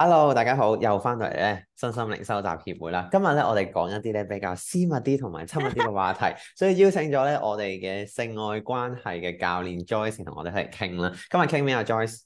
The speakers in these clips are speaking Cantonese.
Hello，大家好，又翻到嚟咧，身心靈收集協會啦。今日咧，我哋講一啲咧比較私密啲同埋親密啲嘅話題， 所以邀請咗咧我哋嘅性愛關係嘅教練 Joyce 同我哋一齊傾啦。今日傾咩啊，Joyce？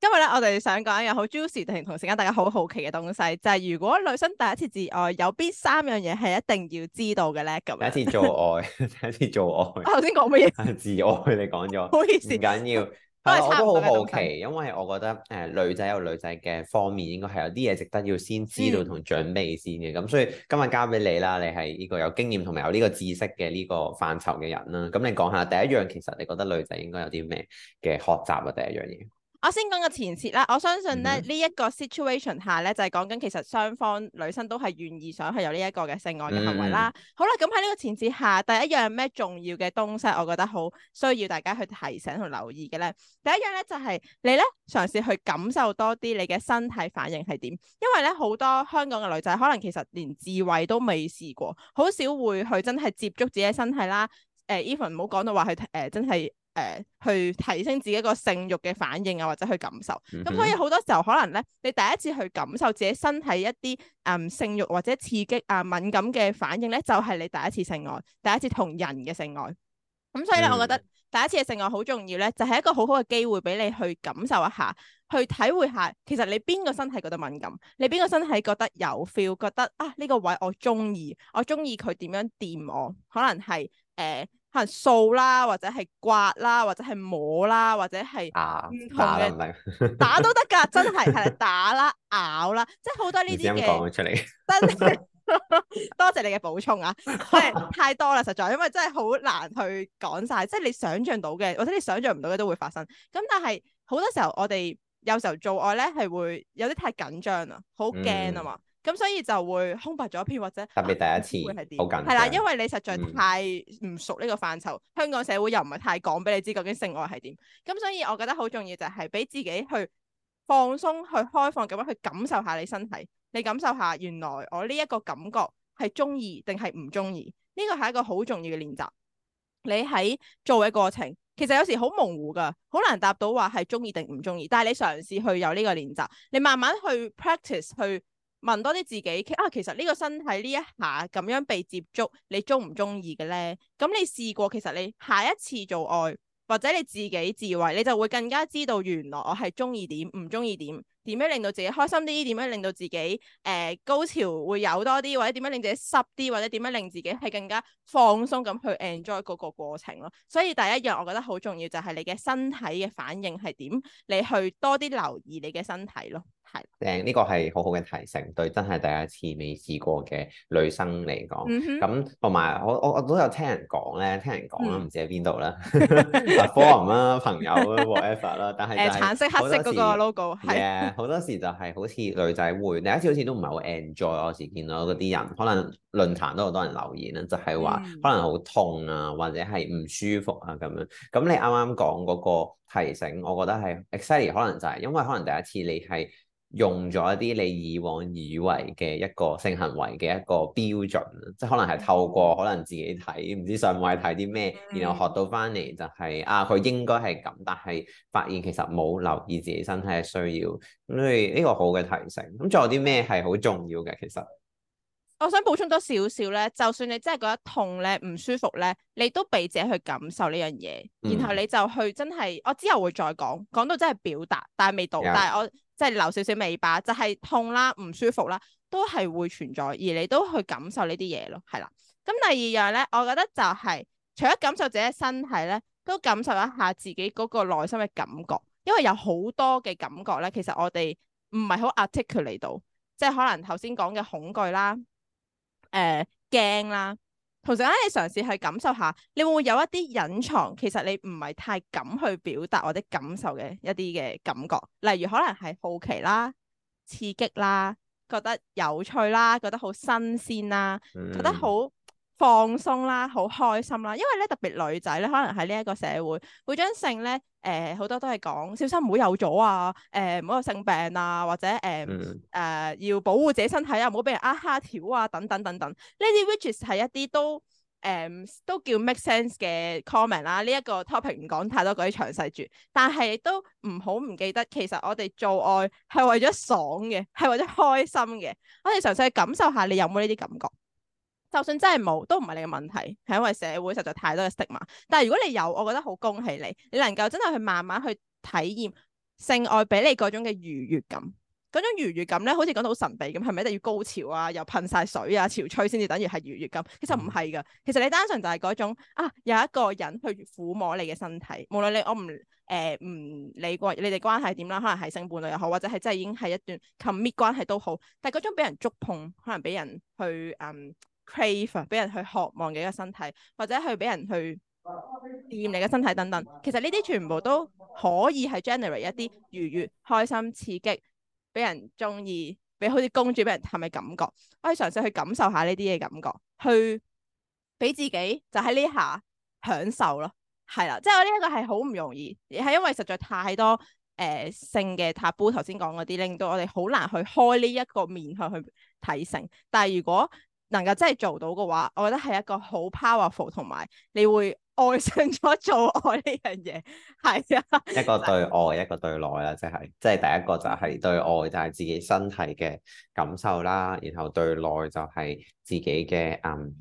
今日咧，我哋想講一樣好 juicy，同同時間大家好好奇嘅東西，就係、是、如果女生第一次自愛，有邊三樣嘢係一定要知道嘅咧？咁 第一次做愛，第一次做愛，頭先講乜嘢？自愛你，你講咗，唔好意思，唔緊要。我都好好奇，因為我覺得誒、呃、女仔有女仔嘅方面，應該係有啲嘢值得要先知道同準備先嘅。咁、嗯、所以今日交俾你啦，你係呢個有經驗同埋有呢個知識嘅呢個範疇嘅人啦。咁你講下第一樣，其實你覺得女仔應該有啲咩嘅學習啊？第一樣嘢。我先講個前設啦，我相信咧呢一、mm hmm. 個 situation 下咧，就係講緊其實雙方女生都係願意想係有呢一個嘅性愛嘅行為啦。Mm hmm. 好啦，咁喺呢個前設下，第一樣咩重要嘅東西，我覺得好需要大家去提醒同留意嘅咧。第一樣咧就係、是、你咧嘗試去感受多啲你嘅身體反應係點，因為咧好多香港嘅女仔可能其實連自慰都未試過，好少會去真係接觸自己嘅身體啦。誒，even 唔好講到話係誒真係。誒、呃，去提升自己一個性慾嘅反應啊，或者去感受。咁所以好多時候可能咧，你第一次去感受自己身體一啲誒、呃、性慾或者刺激啊、呃、敏感嘅反應咧，就係、是、你第一次性愛，第一次同人嘅性愛。咁所以咧，我覺得第一次嘅性愛好重要咧，就係、是、一個好好嘅機會俾你去感受一下，去體會下其實你邊個身體覺得敏感，你邊個身體覺得有 feel，覺得啊呢、這個位我中意，我中意佢點樣掂我，可能係誒。呃可能掃啦，或者係刮啦，或者係摸啦，或者係唔同嘅打， 打都得㗎，真係係打啦、咬啦，即係好多呢啲嘢。出 真係是 多謝你嘅補充啊，真係 太多啦，實在，因為真係好難去講晒，即係 你想像到嘅，或者你想像唔到嘅都會發生。咁但係好多時候，我哋有時候做愛咧係會有啲太緊張啦，好驚啊嘛～、嗯咁所以就會空白咗一篇或者特別第一次、哎、會係點？係啦，因為你實在太唔熟呢個範疇，嗯、香港社會又唔係太講俾你知究竟性愛係點。咁所以我覺得好重要就係俾自己去放鬆、去開放咁樣去感受下你身體，你感受下原來我呢一個感覺係中意定係唔中意。呢個係一個好重要嘅練習。你喺做嘅過程其實有時好模糊噶，好難答到話係中意定唔中意。但係你嘗試去有呢個練習，你慢慢去 practice 去。問多啲自己，啊，其實呢個身體呢一下咁樣被接觸，你中唔中意嘅咧？咁你試過，其實你下一次做愛，或者你自己自慰，你就會更加知道原來我係中意點，唔中意點，點樣令到自己開心啲，點樣令到自己誒、呃、高潮會有多啲，或者點樣令自己濕啲，或者點樣令自己係更加放鬆咁去 enjoy 嗰個過程咯。所以第一樣我覺得好重要就係你嘅身體嘅反應係點，你去多啲留意你嘅身體咯。誒，呢個係好好嘅提醒，對真係第一次未試過嘅女生嚟講，咁同埋我我我都有聽人講咧，聽人講啦，唔、嗯、知喺邊度啦，forum 啦， 啊、朋友 whatever 啦，但係、呃、橙色、黑色嗰個 logo 係 Yeah, 的，好多時就係好似女仔會、嗯、第一次，好似都唔係好 enjoy，我時見到嗰啲人，可能論壇都好多人留言咧，就係、是、話可能好痛啊，或者係唔舒服啊咁樣，咁你啱啱講嗰個提醒，我覺得係 exciting 可能就係因為可能第一次你係。用咗一啲你以往以為嘅一個性行為嘅一個標準，即係可能係透過、嗯、可能自己睇，唔知上位睇啲咩，嗯、然後學到翻嚟，就係、是、啊，佢應該係咁，但係發現其實冇留意自己身體嘅需要，所以呢個好嘅提醒。咁仲有啲咩係好重要嘅？其實我想補充多少少咧，就算你真係覺得痛咧、唔舒服咧，你都俾自己去感受呢樣嘢，然後你就去真係，我之後會再講，講到真係表達，但係未到，但係我。即係留少少尾巴，就係、是、痛啦、啊、唔舒服啦、啊，都係會存在，而你都去感受呢啲嘢咯，係啦。咁第二樣咧，我覺得就係、是、除咗感受自己身體咧，都感受一下自己嗰個內心嘅感覺，因為有好多嘅感覺咧，其實我哋唔係好 articulate 到，即係可能頭先講嘅恐懼啦、誒、呃、驚啦。同時咧，你嘗試去感受下，你會唔會有一啲隱藏，其實你唔係太敢去表達或者感受嘅一啲嘅感覺，例如可能係好奇啦、刺激啦、覺得有趣啦、覺得好新鮮啦、覺得好放鬆啦，好開心啦，因為咧特別女仔咧，可能喺呢一個社會會將性咧，誒、呃、好多都係講小心唔好有咗啊，誒唔好有性病啊，或者誒誒、呃呃、要保護自己身體啊，唔好俾人呃、啊、蝦條啊，等等等等。呢啲 wishes 係一啲都誒、呃、都叫 make sense 嘅 comment 啦。呢、這、一個 topic 唔講太多嗰啲詳細住，但係亦都唔好唔記得，其實我哋做愛係為咗爽嘅，係為咗開心嘅。我哋嘗試去感受下，你有冇呢啲感覺？就算真係冇都唔係你嘅問題，係因為社會實在太多嘅 stigma。但係如果你有，我覺得好恭喜你，你能夠真係去慢慢去體驗性愛俾你嗰種嘅愉悅感。嗰種愉悅感咧，好似講到好神秘咁，係咪一定要高潮啊，又噴晒水啊，潮吹先至等於係愉悅感？其實唔係㗎，其實你單純就係嗰種啊，有一個人去撫摸你嘅身體，無論你我唔誒唔理會你哋關係點啦，可能係性伴侶又好，或者係真係已經係一段 commit 關係都好，但係嗰種俾人觸碰，可能俾人去嗯。crave 俾人去渴望嘅一個身體，或者去俾人去掂你嘅身體等等，其實呢啲全部都可以係 generate 一啲愉悅、開心、刺激，俾人中意，俾好似公主俾人氹嘅感覺。可以嘗試去感受下呢啲嘅感覺，去俾自己就喺呢下享受咯。係啦，即係我呢一個係好唔容易，係因為實在太多誒、呃、性嘅 taboo 頭先講嗰啲令到我哋好難去開呢一個面向去睇性，但係如果能夠真係做到嘅話，我覺得係一個好 powerful，同埋你會愛上咗做愛呢樣嘢，係啊。一個對外，一個對內啦，即係即係第一個就係對外，就係、是、自己身體嘅感受啦，然後對內就係自己嘅嗯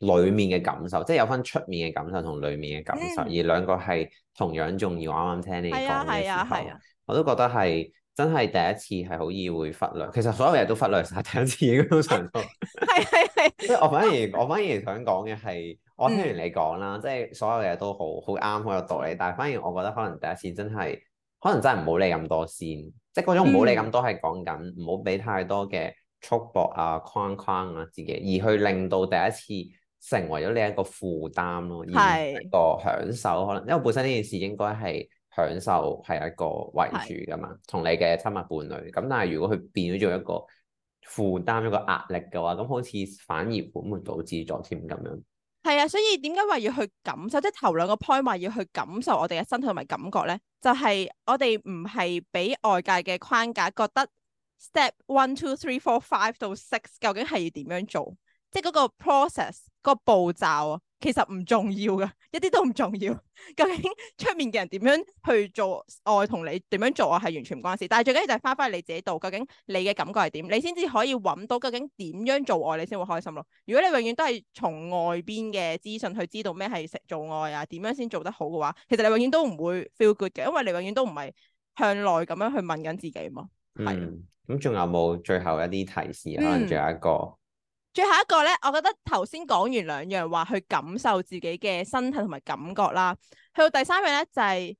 裏面嘅感受，即係有分出面嘅感受同裏面嘅感受，嗯、而兩個係同樣重要。啱啱聽你講嘅時候，係啊係啊係啊、我都覺得係。真係第一次係好易會忽略，其實所有嘢都忽略晒，第一次已經都想做。係係係。即係我反而我反而想講嘅係，我聽完你講啦，嗯、即係所有嘢都好好啱，好有道理。但係反而我覺得可能第一次真係，可能真係唔好理咁多先。即係嗰種唔好理咁多係講緊，唔好俾太多嘅束縛啊、框框啊自己，而去令到第一次成為咗你一個負擔咯，而個享受可能是因為本身呢件事應該係。享受係一個為主噶嘛，同你嘅親密伴侶。咁但係如果佢變咗做一個負擔一個壓力嘅話，咁好似反而本末倒置咗添咁樣？係啊，所以點解話要去感受？即係頭兩個 point 話要去感受我哋嘅身體同埋感覺咧，就係我哋唔係俾外界嘅框架覺得 step one two three four five 到 six 究竟係要點樣做？即係嗰個 process 個步驟啊。其實唔重要噶，一啲都唔重要。 究竟出面嘅人點樣去做愛同你點樣做愛係完全唔關事。但係最緊要就係翻返嚟你自己度，究竟你嘅感覺係點，你先至可以揾到究竟點樣做愛你先會開心咯。如果你永遠都係從外邊嘅資訊去知道咩係做愛啊，點樣先做得好嘅話，其實你永遠都唔會 feel good 嘅，因為你永遠都唔係向內咁樣去問緊自己嘛。係，咁仲、嗯、有冇最後一啲提示？可能仲有一個。嗯最後一個咧，我覺得頭先講完兩樣話去感受自己嘅身體同埋感覺啦，去到第三樣咧，就係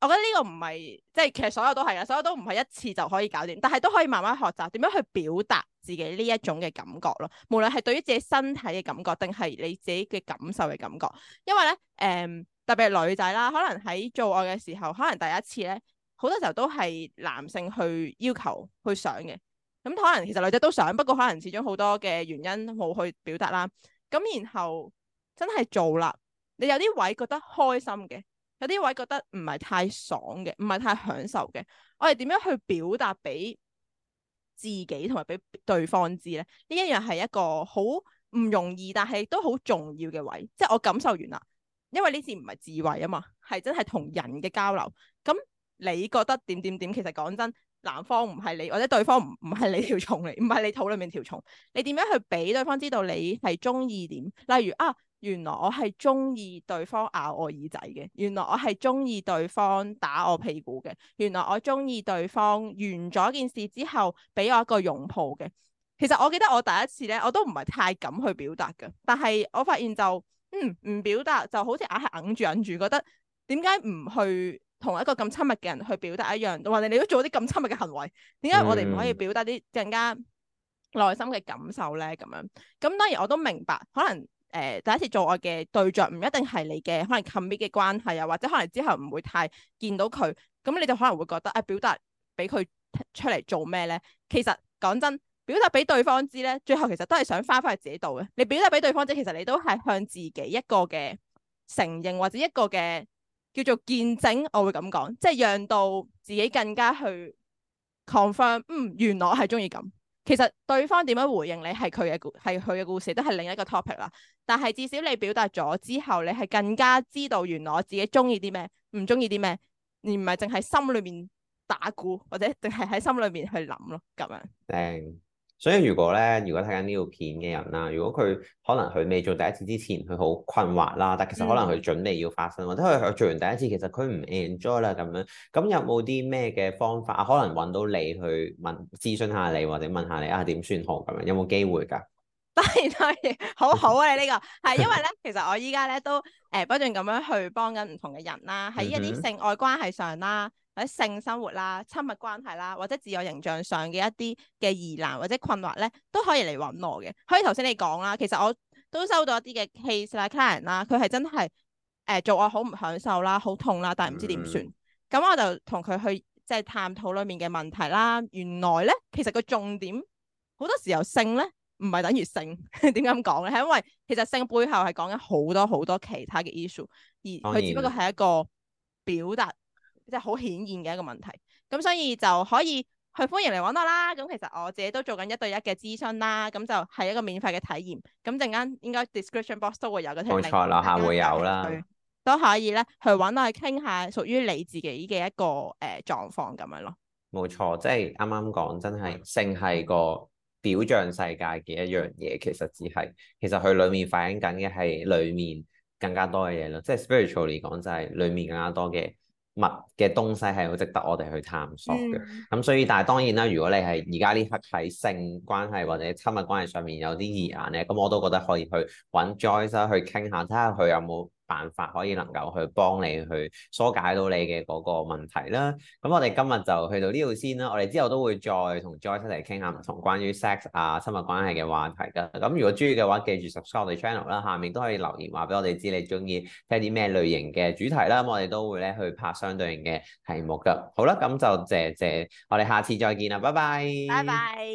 我覺得呢個唔係，即係其實所有都係啊，所有都唔係一次就可以搞掂，但係都可以慢慢學習點樣去表達自己呢一種嘅感覺咯。無論係對於自己身體嘅感覺，定係你自己嘅感受嘅感覺，因為咧，誒，特別係女仔啦，可能喺做愛嘅時候，可能第一次咧，好多時候都係男性去要求去想嘅。咁、嗯、可能其實女仔都想，不過可能始終好多嘅原因冇去表達啦。咁然後真係做啦，你有啲位覺得開心嘅，有啲位覺得唔係太爽嘅，唔係太享受嘅。我哋點樣去表達俾自己同埋俾對方知咧？呢一樣係一個好唔容易，但係都好重要嘅位。即係我感受完啦，因為呢次唔係自慰啊嘛，係真係同人嘅交流。咁你覺得點點點？其實講真。男方唔係你，或者對方唔唔係你條蟲嚟，唔係你肚裡面條蟲。你點樣去俾對方知道你係中意點？例如啊，原來我係中意對方咬我耳仔嘅，原來我係中意對方打我屁股嘅，原來我中意對方完咗件事之後俾我一個擁抱嘅。其實我記得我第一次咧，我都唔係太敢去表達嘅，但係我發現就嗯唔表達就好似硬係硬住硬住，覺得點解唔去？同一個咁親密嘅人去表達一樣，或係你都做咗啲咁親密嘅行為，點解我哋唔可以表達啲更加內心嘅感受咧？咁樣咁當然我都明白，可能誒、呃、第一次做愛嘅對象唔一定係你嘅，可能 commit 嘅關係啊，或者可能之後唔會太見到佢，咁你就可能會覺得啊、呃，表達俾佢出嚟做咩咧？其實講真，表達俾對方知咧，最後其實都係想翻翻去自己度嘅。你表達俾對方知，其實你都係向自己一個嘅承認或者一個嘅。叫做見證，我會咁講，即係讓到自己更加去 confirm，嗯，原來我係中意咁。其實對方點樣回應你係佢嘅故，係佢嘅故事，故事都係另一個 topic 啦。但係至少你表達咗之後，你係更加知道原來我自己中意啲咩，唔中意啲咩，而唔係淨係心裏面打鼓，或者淨係喺心裏面去諗咯，咁樣。所以如果咧，如果睇緊呢條片嘅人啦，如果佢可能佢未做第一次之前，佢好困惑啦，但其實可能佢準備要發生，mm hmm. 或者佢佢做完第一次，其實佢唔 enjoy 啦咁樣，咁有冇啲咩嘅方法啊？可能揾到你去問諮詢下你，或者問下你啊點算好咁樣？有冇機會㗎？當然當然，好好啊，呢個，係因為咧，其實我依家咧都誒不斷咁樣去幫緊唔同嘅人啦，喺一啲性愛關係上啦。或者性生活啦、親密關係啦，或者自我形象上嘅一啲嘅疑難或者困惑咧，都可以嚟揾我嘅。可以頭先你講啦，其實我都收到一啲嘅 case 啦、 client 啦，佢係真係誒、呃、做愛好唔享受啦、好痛啦，但係唔知點算。咁、嗯、我就同佢去即係探討裡面嘅問題啦。原來咧，其實個重點好多時候性咧唔係等於性。點解咁講咧？係因為其實性背後係講緊好多好多，多其他嘅 issue，而佢只不過係一個表達。即係好顯現嘅一個問題，咁所以就可以去歡迎嚟揾我啦。咁其實我自己都做緊一對一嘅諮詢啦，咁就係一個免費嘅體驗。咁陣間應該 description box 都會有嘅，冇錯，樓下會有啦，都可以咧去揾我傾下屬於你自己嘅一個誒狀況咁樣咯。冇錯，即係啱啱講，真係性係個表象世界嘅一樣嘢，其實只係其實佢裡面反映緊嘅係裡面更加多嘅嘢咯。即係 spiritual 嚟講，就係裡面更加多嘅。嗯嗯物嘅東西係好值得我哋去探索嘅，咁、嗯、所以但係當然啦，如果你係而家呢刻喺性關係或者親密關係上面有啲疑問咧，咁我都覺得可以去揾 Joyce 去傾下，睇下佢有冇。辦法可以能夠去幫你去疏解到你嘅嗰個問題啦。咁我哋今日就去到呢度先啦。我哋之後都會再同 Joyce 出嚟傾下唔同關於 sex 啊、親密關係嘅話題噶。咁如果中意嘅話，記住 subscribe 我哋 channel 啦。下面都可以留言話俾我哋知你中意聽啲咩類型嘅主題啦。咁我哋都會咧去拍相對應嘅題目噶。好啦，咁就謝謝我哋，下次再見啦，拜拜，拜拜。